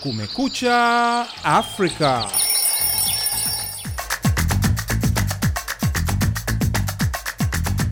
Kumekucha Afrika.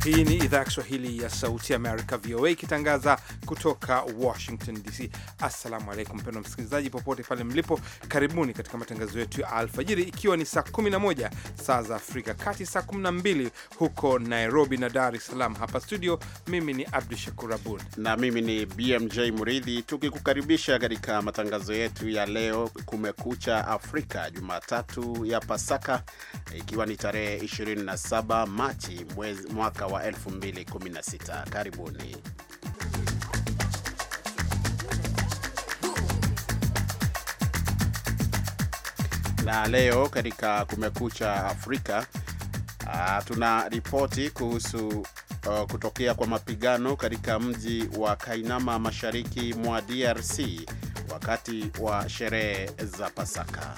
Hii ni idhaa ya Kiswahili ya Sauti Amerika, VOA, ikitangaza kutoka Washington DC. Assalamu alaikum mpendwa msikilizaji, popote pale mlipo, karibuni katika matangazo yetu ya alfajiri, ikiwa ni saa 11 saa za Afrika Kati, saa 12 huko Nairobi na Dar es Salaam. Hapa studio, mimi ni Abdu Shakur Abud na mimi ni BMJ Muridhi, tukikukaribisha katika matangazo yetu ya leo, Kumekucha Afrika, Jumatatu ya Pasaka, ikiwa ni tarehe 27 Machi mwaka wa wa 2016. Karibuni. Na leo katika Kumekucha Afrika uh, tuna ripoti kuhusu uh, kutokea kwa mapigano katika mji wa Kainama mashariki mwa DRC wakati wa sherehe za Pasaka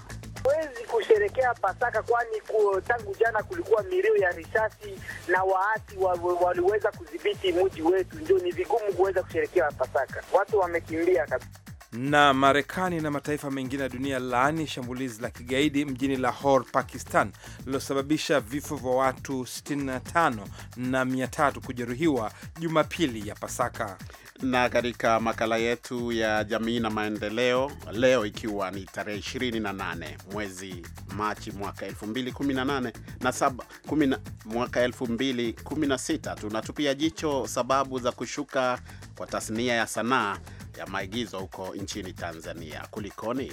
kusherekea Pasaka, kwani tangu jana kulikuwa milio ya risasi na waasi waliweza wa, wa kudhibiti mji wetu, ndio ni vigumu kuweza kusherekea Pasaka, watu wamekimbia kabisa na Marekani na mataifa mengine ya dunia laani shambulizi la kigaidi mjini Lahore, Pakistan, lililosababisha vifo vya watu 65 na 300 kujeruhiwa Jumapili ya Pasaka. Na katika makala yetu ya jamii na maendeleo leo, ikiwa ni tarehe 28 mwezi Machi mwaka 2018 na saba, kumina, mwaka 2016 tunatupia jicho sababu za kushuka kwa tasnia ya sanaa ya maigizo huko nchini Tanzania. Kulikoni?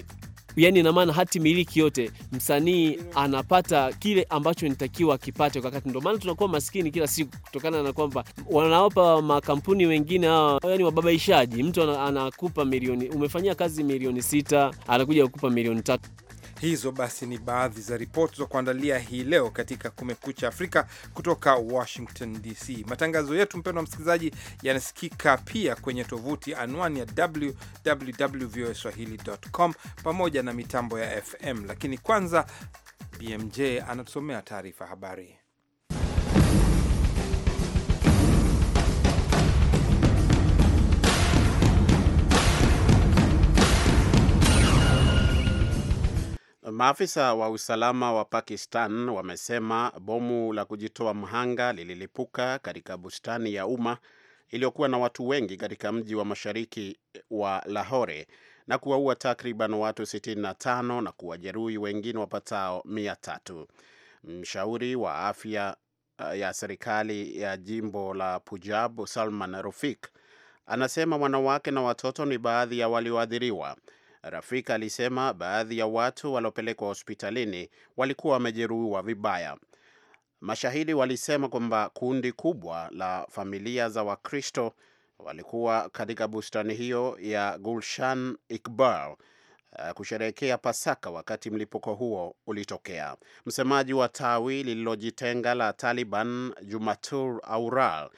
yani ina maana hati miliki yote msanii anapata kile ambacho nitakiwa akipate kwa wakati. Ndio maana tunakuwa maskini kila siku, kutokana na kwamba wanawapa makampuni wengine hawa, yani wababaishaji. Mtu anakupa milioni, umefanyia kazi milioni sita, anakuja kukupa milioni tatu. Hizo basi ni baadhi za ripoti za kuandalia hii leo katika Kumekucha Afrika kutoka Washington DC. Matangazo yetu, mpendwa msikilizaji, yanasikika pia kwenye tovuti anwani ya www.voaswahili.com pamoja na mitambo ya FM, lakini kwanza BMJ anatusomea taarifa habari. Maafisa wa usalama wa Pakistan wamesema bomu la kujitoa mhanga lililipuka katika bustani ya umma iliyokuwa na watu wengi katika mji wa mashariki wa Lahore na kuwaua takriban watu 65 na kuwajeruhi wengine wapatao 3 Mshauri wa afya uh, ya serikali ya jimbo la Punjab, Salman Rufik, anasema wanawake na watoto ni baadhi ya walioathiriwa. Rafika alisema baadhi ya watu waliopelekwa hospitalini walikuwa wamejeruhiwa vibaya. Mashahidi walisema kwamba kundi kubwa la familia za Wakristo walikuwa katika bustani hiyo ya Gulshan Iqbal eh, kusherehekea Pasaka wakati mlipuko huo ulitokea. Msemaji wa tawi lililojitenga la Taliban Jumatur Aural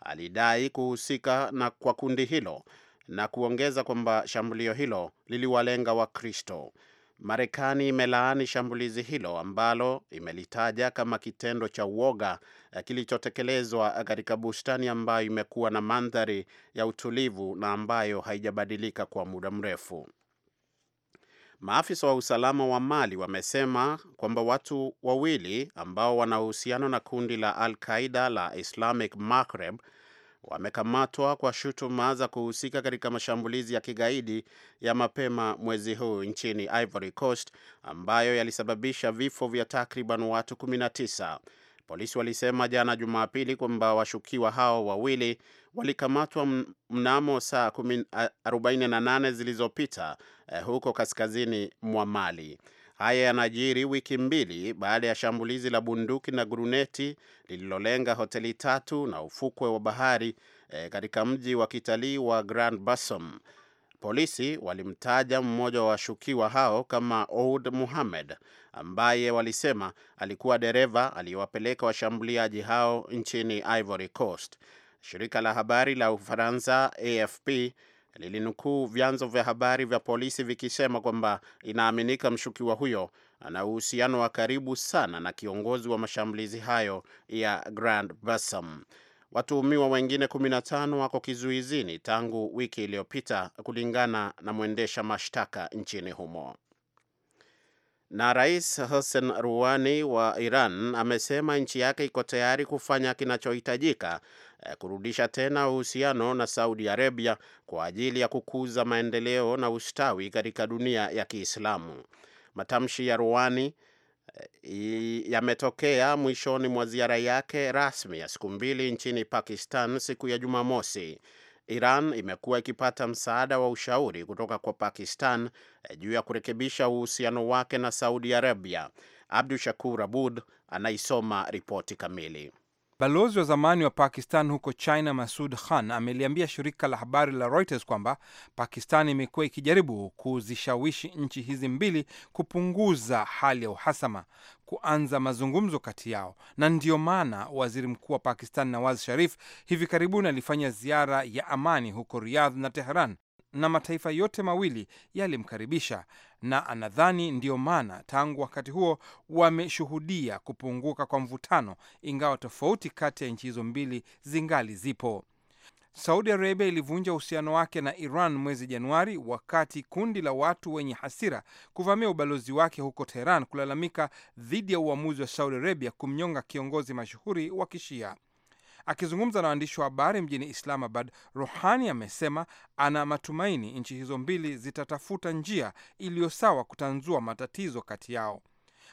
alidai kuhusika na kwa kundi hilo na kuongeza kwamba shambulio hilo liliwalenga Wakristo. Marekani imelaani shambulizi hilo ambalo imelitaja kama kitendo cha uoga eh, kilichotekelezwa eh, katika bustani ambayo imekuwa na mandhari ya utulivu na ambayo haijabadilika kwa muda mrefu. Maafisa wa usalama wa Mali wamesema kwamba watu wawili ambao wana uhusiano na kundi la Al Qaida la Islamic Maghreb wamekamatwa kwa shutuma za kuhusika katika mashambulizi ya kigaidi ya mapema mwezi huu nchini Ivory Coast ambayo yalisababisha vifo vya takriban watu 19. Polisi walisema jana Jumapili kwamba washukiwa hao wawili walikamatwa mnamo saa 48 zilizopita eh, huko kaskazini mwa Mali. Haya yanajiri wiki mbili baada ya shambulizi la bunduki na guruneti lililolenga hoteli tatu na ufukwe wa bahari e, katika mji wa kitalii wa Grand Bassam. Polisi walimtaja mmoja wa washukiwa hao kama Oud Muhamed ambaye walisema alikuwa dereva aliyewapeleka washambuliaji hao nchini Ivory Coast. Shirika la habari la Ufaransa AFP lilinukuu vyanzo vya habari vya polisi vikisema kwamba inaaminika mshukiwa huyo ana uhusiano wa karibu sana na kiongozi wa mashambulizi hayo ya Grand Bassam. Watuhumiwa wengine 15 wako kizuizini tangu wiki iliyopita kulingana na mwendesha mashtaka nchini humo. Na Rais Hassan Rouhani wa Iran amesema nchi yake iko tayari kufanya kinachohitajika Eh, kurudisha tena uhusiano na Saudi Arabia kwa ajili ya kukuza maendeleo na ustawi katika dunia ya Kiislamu. Matamshi ya ruani eh, yametokea mwishoni mwa ziara yake rasmi ya siku mbili nchini Pakistan siku ya Jumamosi. Iran imekuwa ikipata msaada wa ushauri kutoka kwa Pakistan eh, juu ya kurekebisha uhusiano wake na Saudi Arabia. Abdu Shakur Abud anaisoma ripoti kamili. Balozi wa zamani wa Pakistan huko China, Masud Khan, ameliambia shirika la habari la Reuters kwamba Pakistan imekuwa ikijaribu kuzishawishi nchi hizi mbili kupunguza hali ya uhasama, kuanza mazungumzo kati yao, na ndiyo maana waziri mkuu wa Pakistan Nawaz Sharif hivi karibuni alifanya ziara ya amani huko Riyadh na teheran na mataifa yote mawili yalimkaribisha na anadhani ndiyo maana tangu wakati huo wameshuhudia kupunguka kwa mvutano, ingawa tofauti kati ya nchi hizo mbili zingali zipo. Saudi Arabia ilivunja uhusiano wake na Iran mwezi Januari wakati kundi la watu wenye hasira kuvamia ubalozi wake huko Teheran kulalamika dhidi ya uamuzi wa Saudi Arabia kumnyonga kiongozi mashuhuri wa Kishia. Akizungumza na waandishi wa habari mjini Islamabad, Rohani amesema ana matumaini nchi hizo mbili zitatafuta njia iliyo sawa kutanzua matatizo kati yao.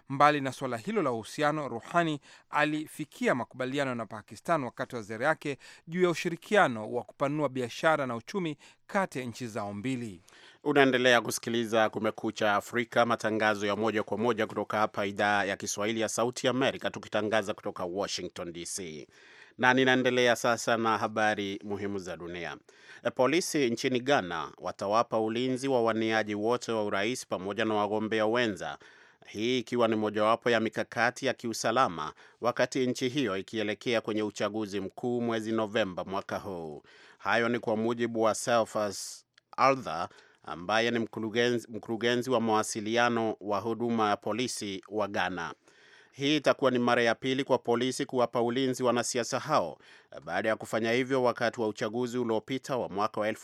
Mbali na suala hilo la uhusiano, Ruhani alifikia makubaliano na Pakistan wakati wa ziara yake juu ya ushirikiano wa kupanua biashara na uchumi kati ya nchi zao mbili. Unaendelea kusikiliza Kumekucha Afrika, matangazo ya moja kwa moja kutoka hapa idhaa ya Kiswahili ya Sauti Amerika, tukitangaza kutoka Washington DC na ninaendelea sasa na habari muhimu za dunia. Polisi nchini Ghana watawapa ulinzi wa waniaji wote wa urais pamoja na wagombea wenza, hii ikiwa ni mojawapo ya mikakati ya kiusalama wakati nchi hiyo ikielekea kwenye uchaguzi mkuu mwezi Novemba mwaka huu. Hayo ni kwa mujibu wa Selfas Arthur ambaye ni mkurugenzi, mkurugenzi wa mawasiliano wa huduma ya polisi wa Ghana. Hii itakuwa ni mara ya pili kwa polisi kuwapa ulinzi wanasiasa hao baada ya kufanya hivyo wakati wa uchaguzi uliopita wa mwaka wa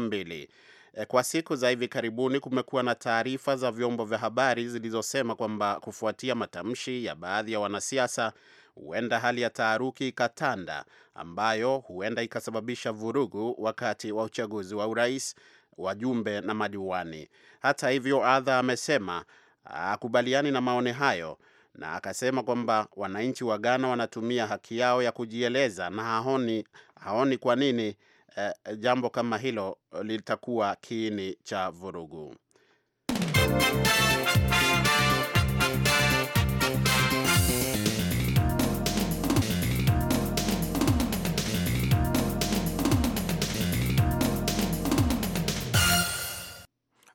mbili eh, Kwa siku za hivi karibuni kumekuwa na taarifa za vyombo vya habari zilizosema kwamba kufuatia matamshi ya baadhi ya wanasiasa, huenda hali ya taharuki ikatanda, ambayo huenda ikasababisha vurugu wakati wa uchaguzi wa urais, wajumbe na madiwani. Hata hivyo, Adha amesema akubaliani na maoni hayo na akasema kwamba wananchi wa Ghana wanatumia haki yao ya kujieleza na haoni, haoni kwa nini eh, jambo kama hilo litakuwa kiini cha vurugu.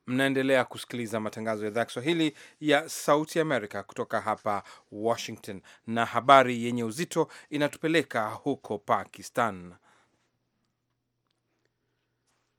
Mnaendelea kusikiliza matangazo ya idhaa Kiswahili ya Sauti Amerika kutoka hapa Washington, na habari yenye uzito inatupeleka huko Pakistan.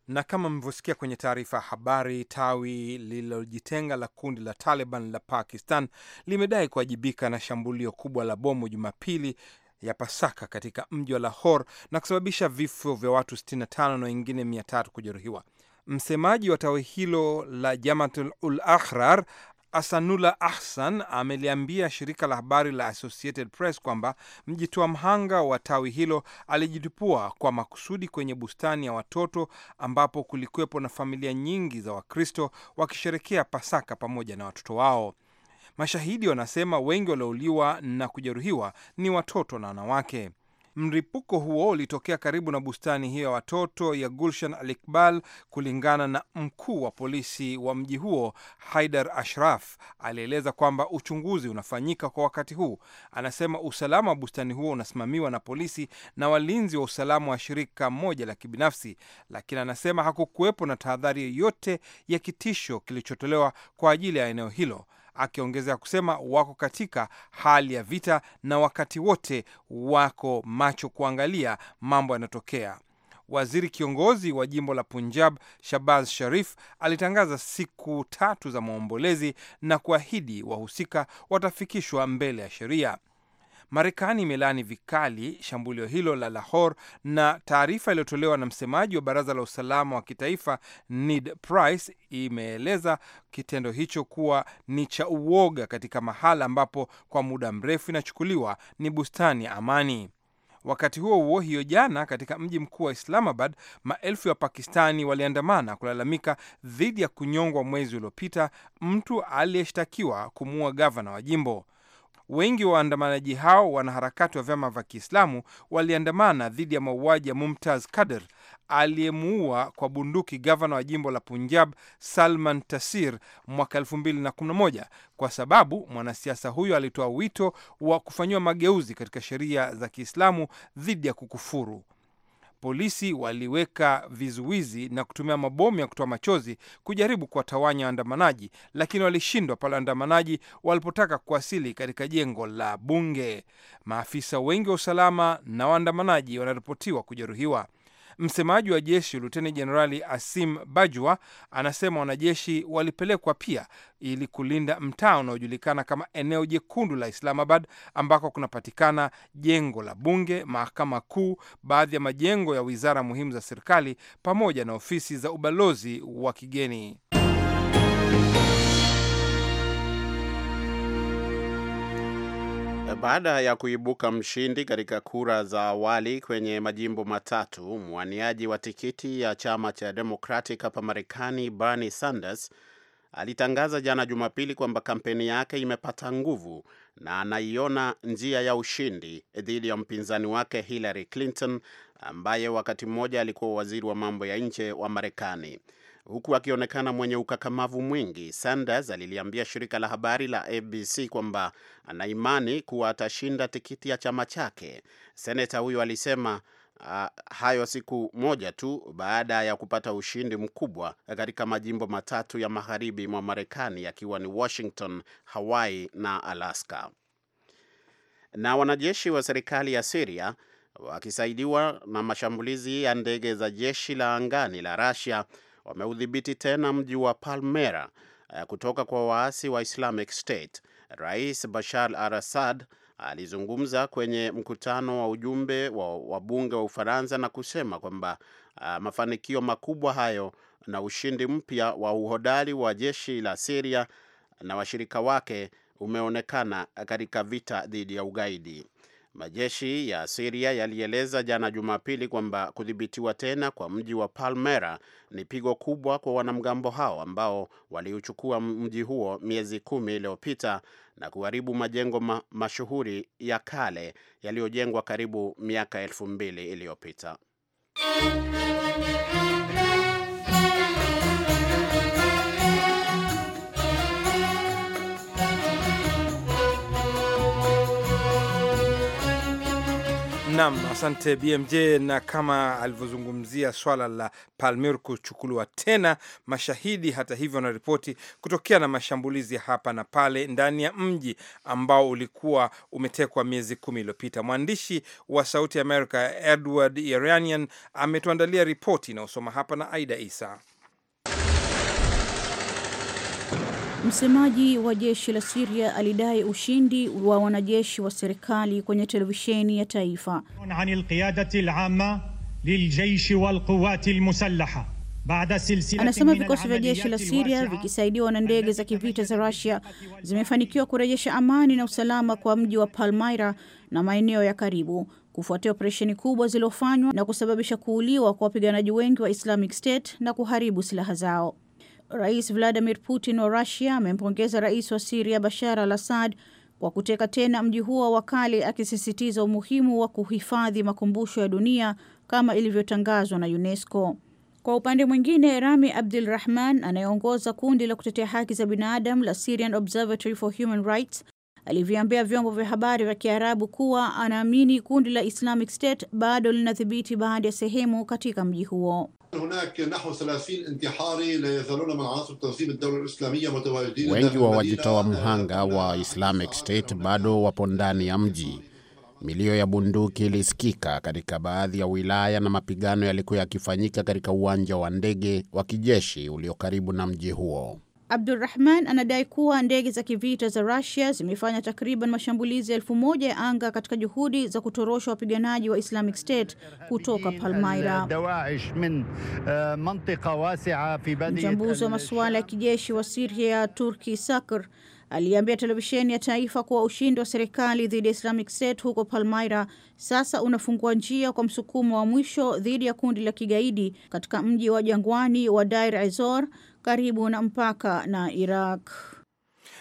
Na kama mlivyosikia kwenye taarifa ya habari, tawi lililojitenga la kundi la Taliban la Pakistan limedai kuwajibika na shambulio kubwa la bomu Jumapili ya Pasaka katika mji wa Lahore na kusababisha vifo vya watu 65 na wengine 300 kujeruhiwa. Msemaji wa tawi hilo la Jamatul ul Ahrar Asanula Ahsan ameliambia shirika la habari la Associated Press kwamba mjitoa mhanga wa tawi hilo alijitupua kwa makusudi kwenye bustani ya watoto ambapo kulikuwepo na familia nyingi za Wakristo wakisherekea Pasaka pamoja na watoto wao. Mashahidi wanasema wengi waliouliwa na kujeruhiwa ni watoto na wanawake. Mlipuko huo ulitokea karibu na bustani hiyo ya watoto ya Gulshan Al Iqbal, kulingana na mkuu wa polisi wa mji huo Haidar Ashraf. Alieleza kwamba uchunguzi unafanyika kwa wakati huu. Anasema usalama wa bustani huo unasimamiwa na polisi na walinzi wa usalama wa shirika moja la kibinafsi, lakini anasema hakukuwepo na tahadhari yoyote ya kitisho kilichotolewa kwa ajili ya eneo hilo akiongezea kusema wako katika hali ya vita na wakati wote wako macho kuangalia mambo yanayotokea. Waziri kiongozi wa jimbo la Punjab Shabaz Sharif alitangaza siku tatu za maombolezi na kuahidi wahusika watafikishwa mbele ya sheria. Marekani imelaani vikali shambulio hilo la Lahore, na taarifa iliyotolewa na msemaji wa baraza la usalama wa kitaifa Ned Price imeeleza kitendo hicho kuwa ni cha uoga katika mahala ambapo kwa muda mrefu inachukuliwa ni bustani ya amani. Wakati huo huo, hiyo jana katika mji mkuu wa Islamabad, maelfu ya Pakistani waliandamana kulalamika dhidi ya kunyongwa mwezi uliopita mtu aliyeshtakiwa kumuua gavana wa jimbo. Wengi wa waandamanaji hao wanaharakati wa vyama vya Kiislamu waliandamana dhidi ya mauaji ya Mumtaz Kader aliyemuua kwa bunduki gavana wa jimbo la Punjab Salman Tasir mwaka 2011 kwa sababu mwanasiasa huyo alitoa wito wa kufanyiwa mageuzi katika sheria za Kiislamu dhidi ya kukufuru polisi waliweka vizuizi na kutumia mabomu ya kutoa machozi kujaribu kuwatawanya waandamanaji, lakini walishindwa pale waandamanaji walipotaka kuwasili katika jengo la bunge. Maafisa wengi wa usalama na waandamanaji wanaripotiwa kujeruhiwa. Msemaji wa jeshi Luteni Jenerali Asim Bajwa anasema wanajeshi walipelekwa pia ili kulinda mtaa unaojulikana kama eneo jekundu la Islamabad ambako kunapatikana jengo la bunge, mahakama kuu, baadhi ya majengo ya wizara muhimu za serikali pamoja na ofisi za ubalozi wa kigeni. Baada ya kuibuka mshindi katika kura za awali kwenye majimbo matatu, mwaniaji wa tikiti ya chama cha Democratic hapa Marekani, Bernie Sanders alitangaza jana Jumapili kwamba kampeni yake imepata nguvu na anaiona njia ya ushindi dhidi ya mpinzani wake Hillary Clinton ambaye wakati mmoja alikuwa waziri wa mambo ya nje wa Marekani. Huku akionekana mwenye ukakamavu mwingi, Sanders aliliambia shirika la habari la ABC kwamba ana imani kuwa atashinda tikiti ya chama chake. Seneta huyo alisema uh, hayo siku moja tu baada ya kupata ushindi mkubwa katika majimbo matatu ya magharibi mwa Marekani yakiwa ni Washington, Hawaii na Alaska. Na wanajeshi wa serikali ya siria wakisaidiwa na mashambulizi ya ndege za jeshi la angani la Russia wameudhibiti tena mji wa Palmera eh, kutoka kwa waasi wa Islamic State. Rais Bashar al-Assad alizungumza kwenye mkutano wa ujumbe wa wabunge wa Ufaransa na kusema kwamba eh, mafanikio makubwa hayo na ushindi mpya wa uhodari wa jeshi la siria na washirika wake umeonekana katika vita dhidi ya ugaidi. Majeshi ya Siria yalieleza jana Jumapili kwamba kudhibitiwa tena kwa mji wa Palmera ni pigo kubwa kwa wanamgambo hao ambao waliuchukua mji huo miezi kumi iliyopita na kuharibu majengo ma mashuhuri ya kale yaliyojengwa karibu miaka elfu mbili iliyopita. Nam, asante BMJ. Na kama alivyozungumzia swala la Palmir kuchukuliwa tena, mashahidi hata hivyo wanaripoti kutokea na mashambulizi hapa na pale ndani ya mji ambao ulikuwa umetekwa miezi kumi iliyopita. Mwandishi wa Sauti America Edward iranian ametuandalia ripoti inayosoma hapa na Aida Isa. Msemaji wa jeshi la Siria alidai ushindi wa wanajeshi wa serikali kwenye televisheni ya taifa. Anasema vikosi vya jeshi la Siria vikisaidiwa na ndege za kivita za Russia zimefanikiwa kurejesha amani na usalama kwa mji wa Palmyra na maeneo ya karibu kufuatia operesheni kubwa zilizofanywa na kusababisha kuuliwa kwa wapiganaji wengi wa Islamic State na kuharibu silaha zao. Rais Vladimir Putin wa Russia amempongeza rais wa Siria Bashar al Assad kwa kuteka tena mji huo wa kale, akisisitiza umuhimu wa kuhifadhi makumbusho ya dunia kama ilivyotangazwa na UNESCO. Kwa upande mwingine, Rami Abdul Rahman anayeongoza kundi la kutetea haki za binadamu la Syrian Observatory for Human Rights aliviambia vyombo vya habari vya Kiarabu kuwa anaamini kundi la Islamic State bado linadhibiti baadhi ya sehemu katika mji huo. Wengi wa wajitoa mhanga wa Islamic State bado wapo ndani ya mji. Milio ya bunduki ilisikika katika baadhi ya wilaya na mapigano yalikuwa yakifanyika katika uwanja wa ndege wa kijeshi ulio karibu na mji huo. Abdurrahman anadai kuwa ndege za kivita za Russia zimefanya takriban mashambulizi elfu moja ya anga katika juhudi za kutorosha wapiganaji wa Islamic State kutoka Palmaira. Mchambuzi wa masuala ya kijeshi wa Siria Turki Sakr aliambia televisheni ya taifa kuwa ushindi wa serikali dhidi ya Islamic State huko Palmaira sasa unafungua njia kwa msukumo wa mwisho dhidi ya kundi la kigaidi katika mji wa jangwani wa Dair Ezor karibu na mpaka na Iraq.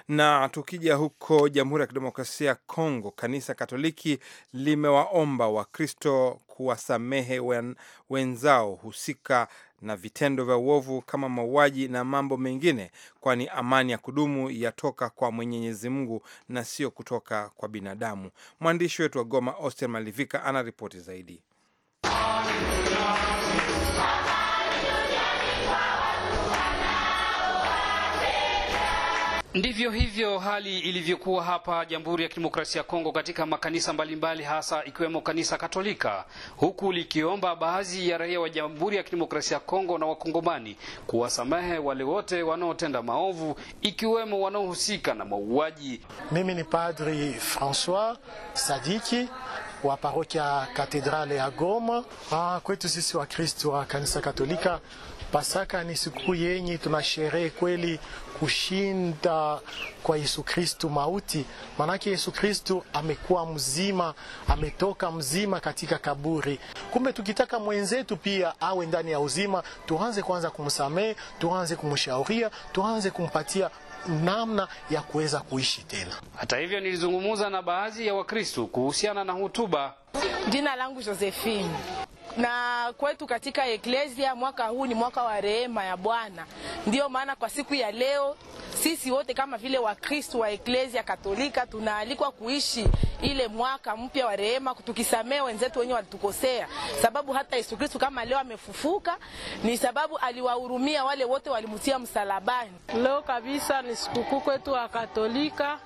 Na tukija huko Jamhuri ya Kidemokrasia ya Kongo, kanisa Katoliki limewaomba Wakristo kuwasamehe wen, wenzao husika na vitendo vya uovu kama mauaji na mambo mengine, kwani amani ya kudumu yatoka kwa Mwenyezi Mungu na sio kutoka kwa binadamu. Mwandishi wetu wa Goma, Oster Malivika, ana ripoti zaidi. Ndivyo hivyo hali ilivyokuwa hapa Jamhuri ya Kidemokrasia ya Kongo katika makanisa mbalimbali hasa ikiwemo kanisa Katolika, huku likiomba baadhi ya raia wa Jamhuri ya Kidemokrasia ya Kongo na Wakongomani kuwasamehe wale wote wanaotenda maovu ikiwemo wanaohusika na mauaji. Mimi ni Padri Francois Sadiki wa parokia katedrale ya Goma. Ah, kwetu sisi wa Kristo wa kanisa Katolika, Pasaka ni siku yenye tunasherehe kweli kushinda kwa Yesu Kristu mauti. Maanake Yesu Kristu amekuwa mzima, ametoka mzima katika kaburi. Kumbe tukitaka mwenzetu pia awe ndani ya uzima, tuanze kwanza kumsamehe, tuanze kumshauria, tuanze kumpatia namna ya kuweza kuishi tena. Hata hivyo, nilizungumza na baadhi ya Wakristo kuhusiana na hutuba Jina langu Josephine. Na kwetu katika eklezia mwaka huu ni mwaka wa rehema ya Bwana. Ndiyo maana kwa siku ya leo sisi wote kama vile Wakristo wa eklezia Katolika tunaalikwa kuishi ile mwaka mpya wa rehema, tukisamehe wenzetu wenye walitukosea, sababu hata Yesu Kristo kama leo amefufuka ni sababu aliwahurumia wale wote walimtia msalabani. Leo kabisa ni sikukuu kwetu wa Katolika,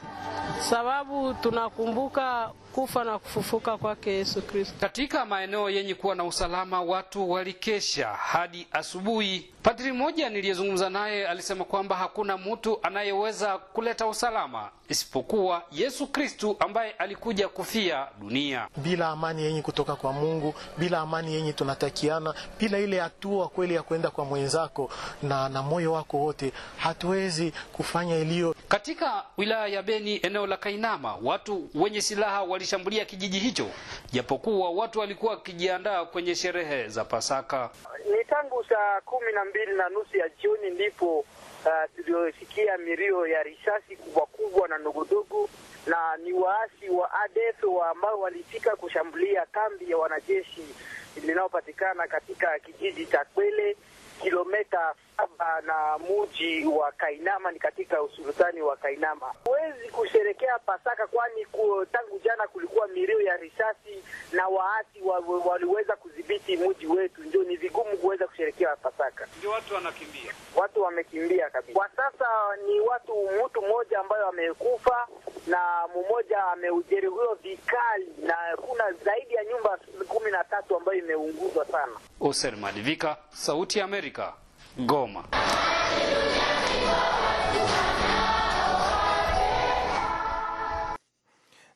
sababu tunakumbuka kufa na kufufuka kwake Yesu Kristo. Katika maeneo yenye kuwa na usalama, watu walikesha hadi asubuhi Padri mmoja niliyezungumza naye alisema kwamba hakuna mtu anayeweza kuleta usalama isipokuwa Yesu Kristu ambaye alikuja kufia dunia. Bila amani yenye kutoka kwa Mungu, bila amani yenye tunatakiana, bila ile hatua kweli ya kwenda kwa mwenzako na, na moyo wako wote, hatuwezi kufanya iliyo. Katika wilaya ya Beni, eneo la Kainama, watu wenye silaha walishambulia kijiji hicho, japokuwa watu walikuwa wakijiandaa kwenye sherehe za Pasaka. Ni tangu saa kumi na mbili mbili na nusu ya jioni ndipo uh, tuliosikia milio ya risasi kubwa kubwa na ndogondogo, na ni waasi wa ADF wa ambao walifika kushambulia kambi ya wanajeshi linaopatikana katika kijiji cha Kwele kilometa hapa na muji wa Kainama, ni katika usultani wa Kainama. Huwezi kusherekea Pasaka kwani ku, tangu jana kulikuwa milio ya risasi na waasi waliweza wa, wa kudhibiti muji wetu, ndio ni vigumu kuweza kusherekea Pasaka. Ndio watu wanakimbia, watu wamekimbia kabisa. Kwa sasa ni watu mtu mmoja ambayo amekufa na mmoja ameujeruhiwa vikali, na kuna zaidi ya nyumba kumi na tatu ambayo imeunguzwa sana. Oser Malivika, Sauti ya Amerika. Goma.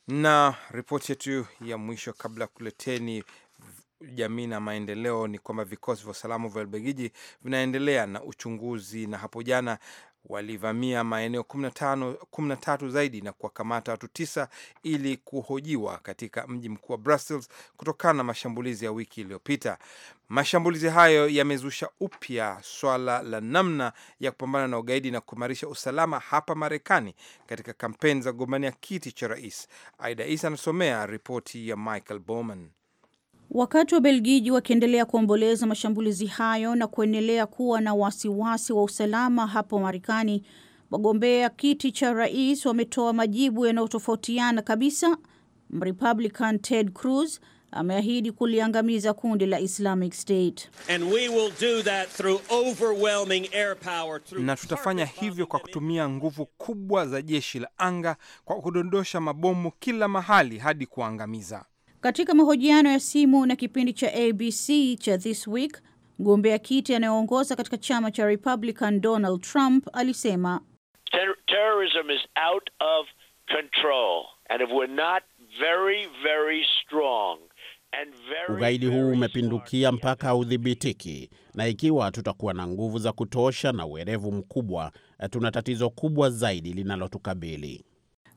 Na ripoti yetu ya mwisho kabla ya kuleteni jamii na maendeleo ni kwamba vikosi vya usalama vya Ubelgiji vinaendelea na uchunguzi, na hapo jana walivamia maeneo 15, 13 zaidi na kuwakamata watu tisa ili kuhojiwa katika mji mkuu wa Brussels kutokana na mashambulizi ya wiki iliyopita. Mashambulizi hayo yamezusha upya swala la namna ya kupambana na ugaidi na kuimarisha usalama hapa Marekani katika kampeni za kugombania kiti cha rais. Aida Isa anasomea ripoti ya Michael Bowman. Wakati wa Belgiji wakiendelea kuomboleza mashambulizi hayo na kuendelea kuwa na wasiwasi wa usalama hapo Marekani, wagombea kiti cha rais wametoa majibu yanayotofautiana kabisa. Mrepublican Ted Cruz ameahidi kuliangamiza kundi la Islamic State. Na tutafanya hivyo kwa kutumia nguvu kubwa za jeshi la anga kwa kudondosha mabomu kila mahali hadi kuangamiza. Katika mahojiano ya simu na kipindi cha ABC cha This Week, mgombea kiti anayeongoza katika chama cha Republican Donald Trump alisema Ter terrorism is out of control and if we're not very very strong Ugaidi huu umepindukia mpaka haudhibitiki, na ikiwa tutakuwa na nguvu za kutosha na uerevu mkubwa, eh, tuna tatizo kubwa zaidi linalotukabili.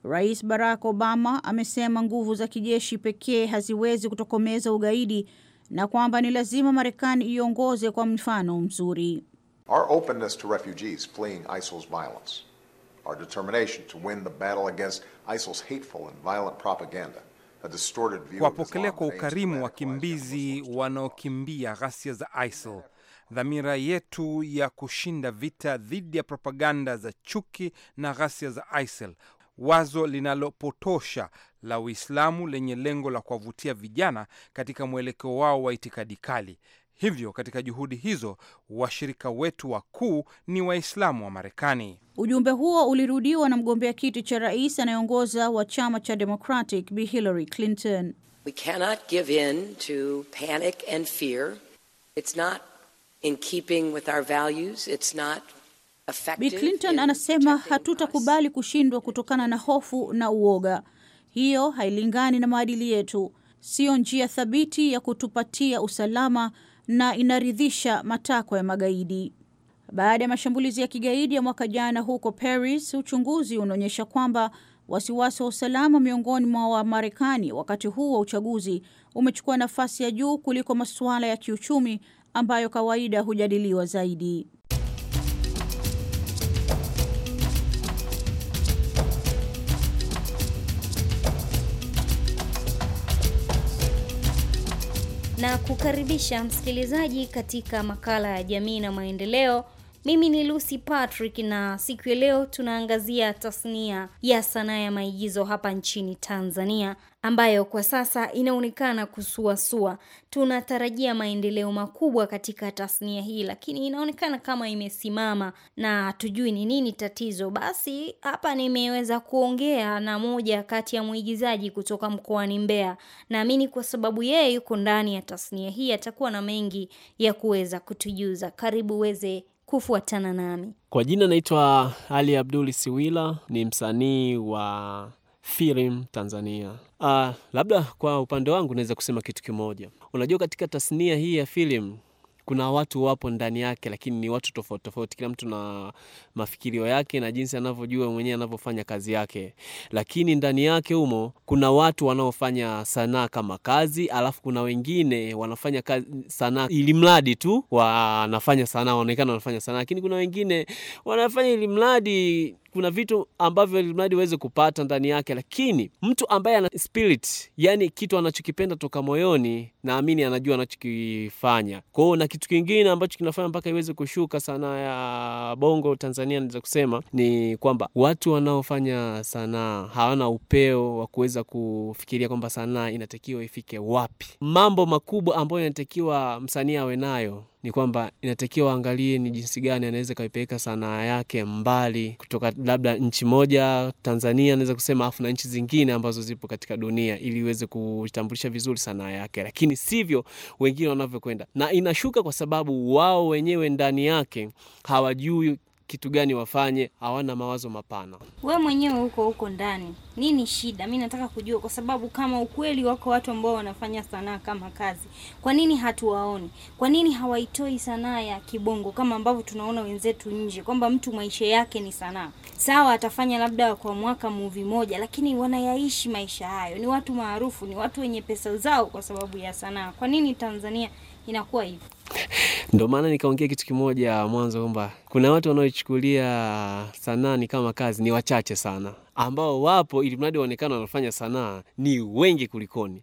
Rais Barack Obama amesema nguvu za kijeshi pekee haziwezi kutokomeza ugaidi na kwamba ni lazima Marekani iongoze kwa mfano mzuri. Our openness to refugees fleeing ISIL's violence, our determination to win the battle against ISIL's hateful and violent propaganda kuwapokelea kwa ukarimu wakimbizi wanaokimbia ghasia za ISIL, dhamira yetu ya kushinda vita dhidi ya propaganda za chuki na ghasia za ISIL, wazo linalopotosha la Uislamu lenye lengo la kuwavutia vijana katika mwelekeo wao wa itikadi kali. Hivyo katika juhudi hizo washirika wetu wakuu ni Waislamu wa Marekani. Ujumbe huo ulirudiwa na mgombea kiti cha rais anayeongoza wa chama cha Democratic Bi Hillary Clinton. We cannot give in to panic and fear. It's not in keeping with our values. It's not Bi Clinton anasema hatutakubali kushindwa kutokana na hofu na uoga. Hiyo hailingani na maadili yetu, siyo njia thabiti ya kutupatia usalama na inaridhisha matakwa ya magaidi. Baada ya mashambulizi ya kigaidi ya mwaka jana huko Paris, uchunguzi unaonyesha kwamba wasiwasi wa usalama miongoni mwa Wamarekani wakati huu wa uchaguzi umechukua nafasi ya juu kuliko masuala ya kiuchumi ambayo kawaida hujadiliwa zaidi. na kukaribisha msikilizaji katika makala ya jamii na maendeleo mimi ni Lucy Patrick na siku ya leo tunaangazia tasnia ya sanaa ya maigizo hapa nchini Tanzania ambayo kwa sasa inaonekana kusuasua. Tunatarajia maendeleo makubwa katika tasnia hii, lakini inaonekana kama imesimama na hatujui ni nini tatizo. Basi hapa nimeweza kuongea na moja kati ya mwigizaji kutoka mkoani Mbeya. Naamini kwa sababu yeye yuko ndani ya tasnia hii, atakuwa na mengi ya kuweza kutujuza. Karibu weze kufuatana nami. Kwa jina naitwa Ali Abduli Siwila, ni msanii wa filamu Tanzania. Uh, labda kwa upande wangu naweza kusema kitu kimoja. Unajua, katika tasnia hii ya filim kuna watu wapo ndani yake, lakini ni watu tofauti tofauti, kila mtu na mafikirio yake na jinsi anavyojua mwenyewe anavyofanya kazi yake, lakini ndani yake humo kuna watu wanaofanya sanaa kama kazi, alafu kuna wengine wanafanya kazi sanaa ili mradi tu wanafanya sanaa, wanaonekana wanafanya sanaa, lakini kuna wengine wanafanya ili mradi kuna vitu ambavyo ilimradi uweze kupata ndani yake, lakini mtu ambaye ana spirit, yani kitu anachokipenda toka moyoni, naamini anajua anachokifanya kwao. Na kitu kingine ambacho kinafanya mpaka iweze kushuka sanaa ya bongo Tanzania, naweza kusema ni kwamba watu wanaofanya sanaa hawana upeo wa kuweza kufikiria kwamba sanaa inatakiwa ifike wapi, mambo makubwa ambayo inatakiwa msanii awe nayo ni kwamba inatakiwa angalie ni jinsi gani anaweza kaipeleka sanaa yake mbali kutoka labda nchi moja Tanzania, anaweza kusema afu na nchi zingine ambazo zipo katika dunia, ili iweze kutambulisha vizuri sanaa yake, lakini sivyo wengine wanavyokwenda, na inashuka kwa sababu wao wenyewe ndani yake hawajui kitu gani wafanye, hawana mawazo mapana. We mwenyewe huko huko ndani, nini shida? Mi nataka kujua, kwa sababu kama ukweli wako watu ambao wanafanya sanaa kama kazi, kwa nini hatuwaoni? Kwa nini hawaitoi sanaa ya kibongo kama ambavyo tunaona wenzetu nje, kwamba mtu maisha yake ni sanaa? Sawa, atafanya labda kwa mwaka muvi moja, lakini wanayaishi maisha hayo. Ni watu maarufu, ni watu wenye pesa zao kwa sababu ya sanaa. Kwa nini Tanzania inakuwa hivyo? Ndo maana nikaongea kitu kimoja mwanzo kwamba kuna watu wanaoichukulia sanaa ni kama kazi, ni wachache sana, ambao wapo ili mradi waonekana wanafanya sanaa ni wengi kulikoni.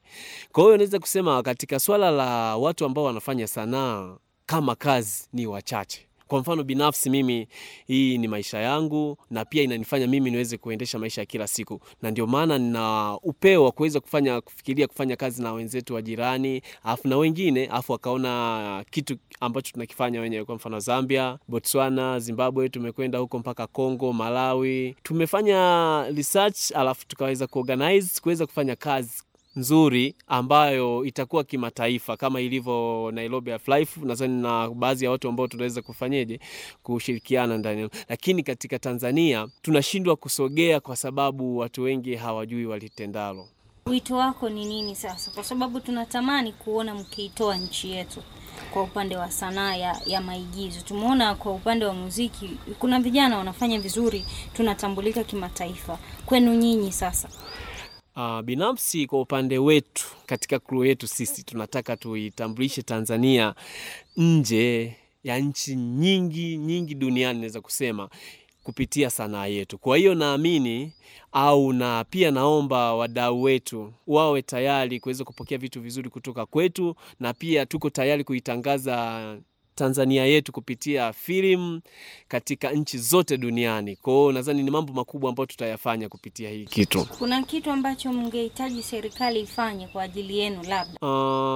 Kwa hiyo naweza kusema katika swala la watu ambao wanafanya sanaa kama kazi ni wachache. Kwa mfano binafsi, mimi hii ni maisha yangu, na pia inanifanya mimi niweze kuendesha maisha ya kila siku, na ndio maana nina upeo wa kuweza kufanya kufikiria kufanya kazi na wenzetu wa jirani, afu na wengine, afu wakaona kitu ambacho tunakifanya wenyewe. Kwa mfano Zambia, Botswana, Zimbabwe, tumekwenda huko mpaka Kongo, Malawi, tumefanya research, alafu tukaweza kuorganize kuweza kufanya kazi nzuri ambayo itakuwa kimataifa kama ilivyo Nairobi Half-Life, nadhani na baadhi ya watu ambao tunaweza kufanyeje kushirikiana ndani, lakini katika Tanzania tunashindwa kusogea kwa sababu watu wengi hawajui walitendalo. Wito wako ni nini sasa, kwa sababu tunatamani kuona mkiitoa nchi yetu kwa upande wa sanaa ya, ya maigizo? Tumeona kwa upande wa muziki kuna vijana wanafanya vizuri, tunatambulika kimataifa. Kwenu nyinyi sasa Uh, binafsi kwa upande wetu katika kruu yetu sisi tunataka tuitambulishe Tanzania nje ya nchi nyingi nyingi duniani naweza kusema kupitia sanaa yetu. Kwa hiyo naamini au na pia naomba wadau wetu wawe tayari kuweza kupokea vitu vizuri kutoka kwetu, na pia tuko tayari kuitangaza Tanzania yetu kupitia filamu katika nchi zote duniani. Kwa hiyo nadhani ni mambo makubwa ambayo tutayafanya kupitia hii kitu. Kuna kitu ambacho mngehitaji serikali ifanye kwa ajili yenu labda?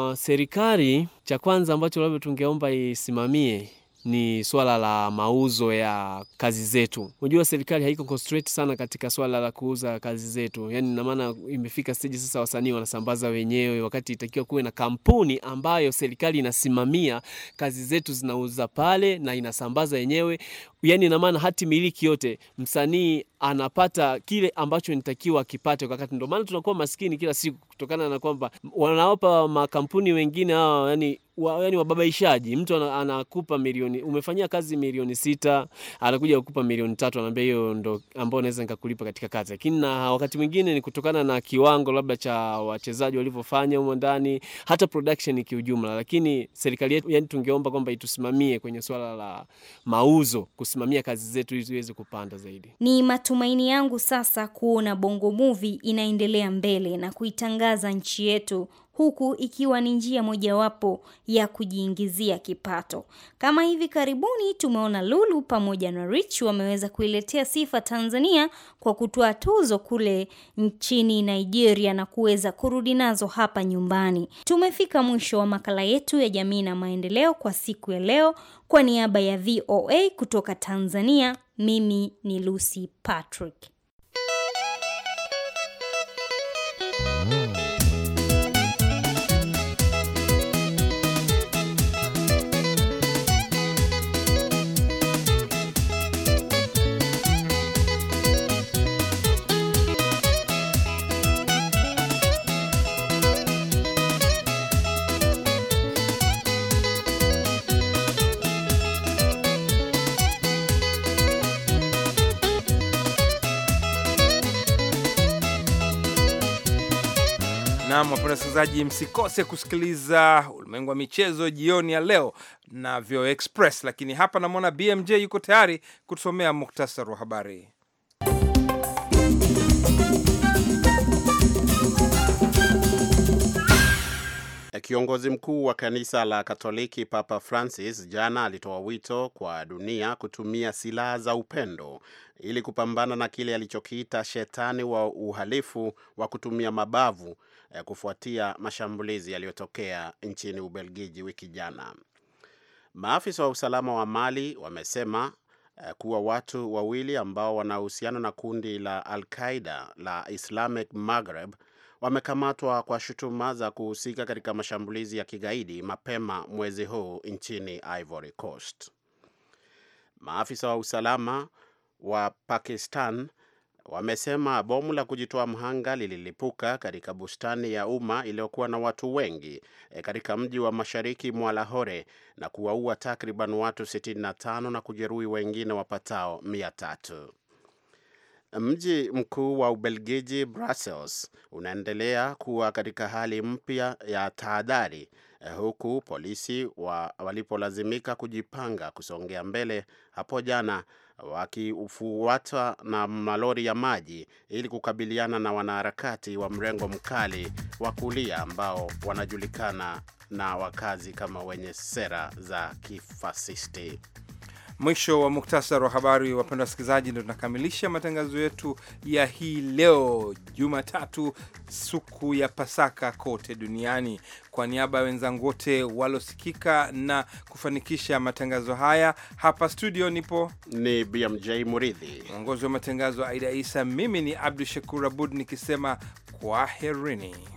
Uh, serikali cha kwanza ambacho labda tungeomba isimamie ni swala la mauzo ya kazi zetu. Unajua serikali haiko concentrate sana katika swala la kuuza kazi zetu, yani na maana imefika stage sasa wasanii wanasambaza wenyewe, wakati itakiwa kuwe na kampuni ambayo serikali inasimamia kazi zetu zinauza pale na inasambaza yenyewe, Yani na maana hati miliki yote, msanii anapata kile ambacho nitakiwa akipate wakati. Ndio maana tunakuwa maskini kila siku kutokana na kwamba wanawapa makampuni wengine hawa, yani wa, yani wababaishaji. Mtu anakupa milioni, umefanyia kazi milioni sita, anakuja kukupa milioni tatu, anaambia hiyo ndo ambayo naweza nikakulipa katika kazi. Lakini na wakati mwingine ni kutokana na kiwango labda cha wachezaji walivyofanya humo ndani, hata production kiujumla. Lakini serikali yetu, yani tungeomba kwamba itusimamie kwenye swala la mauzo, kusimamia kazi zetu ili ziweze kupanda zaidi. Ni matumaini yangu sasa kuona Bongo Movie inaendelea mbele na kuitangaza nchi yetu huku ikiwa ni njia mojawapo ya kujiingizia kipato. Kama hivi karibuni tumeona Lulu pamoja na Rich wameweza kuiletea sifa Tanzania kwa kutoa tuzo kule nchini Nigeria na kuweza kurudi nazo hapa nyumbani. Tumefika mwisho wa makala yetu ya jamii na maendeleo kwa siku ya leo. Kwa niaba ya VOA kutoka Tanzania, mimi ni Lucy Patrick. wasikilizaji, msikose kusikiliza ulimwengu wa michezo jioni ya leo na Vio Express, lakini hapa namwona BMJ yuko tayari kutusomea muktasari wa habari. Kiongozi mkuu wa kanisa la Katoliki Papa Francis jana alitoa wito kwa dunia kutumia silaha za upendo ili kupambana na kile alichokiita shetani wa uhalifu wa kutumia mabavu Eh, kufuatia mashambulizi yaliyotokea nchini Ubelgiji wiki jana. Maafisa wa usalama wa Mali wamesema eh, kuwa watu wawili ambao wanahusiana na kundi la Al-Qaida la Islamic Maghreb wamekamatwa kwa shutuma za kuhusika katika mashambulizi ya kigaidi mapema mwezi huu nchini Ivory Coast. Maafisa wa usalama wa Pakistan wamesema bomu la kujitoa mhanga lililipuka katika bustani ya umma iliyokuwa na watu wengi e, katika mji wa mashariki mwa Lahore na kuwaua takriban watu 65 na kujeruhi wengine wapatao 300. Mji mkuu wa Ubelgiji Brussels unaendelea kuwa katika hali mpya ya tahadhari eh, huku polisi wa walipolazimika kujipanga kusongea mbele hapo jana wakifuatwa na malori ya maji ili kukabiliana na wanaharakati wa mrengo mkali wa kulia ambao wanajulikana na wakazi kama wenye sera za kifasisti. Mwisho wa muktasar wa habari. Wapenda wasikilizaji, ndio tunakamilisha matangazo yetu ya hii leo Jumatatu, siku ya Pasaka kote duniani. Kwa niaba ya wenzangu wote walosikika na kufanikisha matangazo haya, hapa studio nipo ni BMJ Muridhi, mwongozi wa matangazo Aida Isa, mimi ni Abdu Shakur Abud nikisema kwaherini.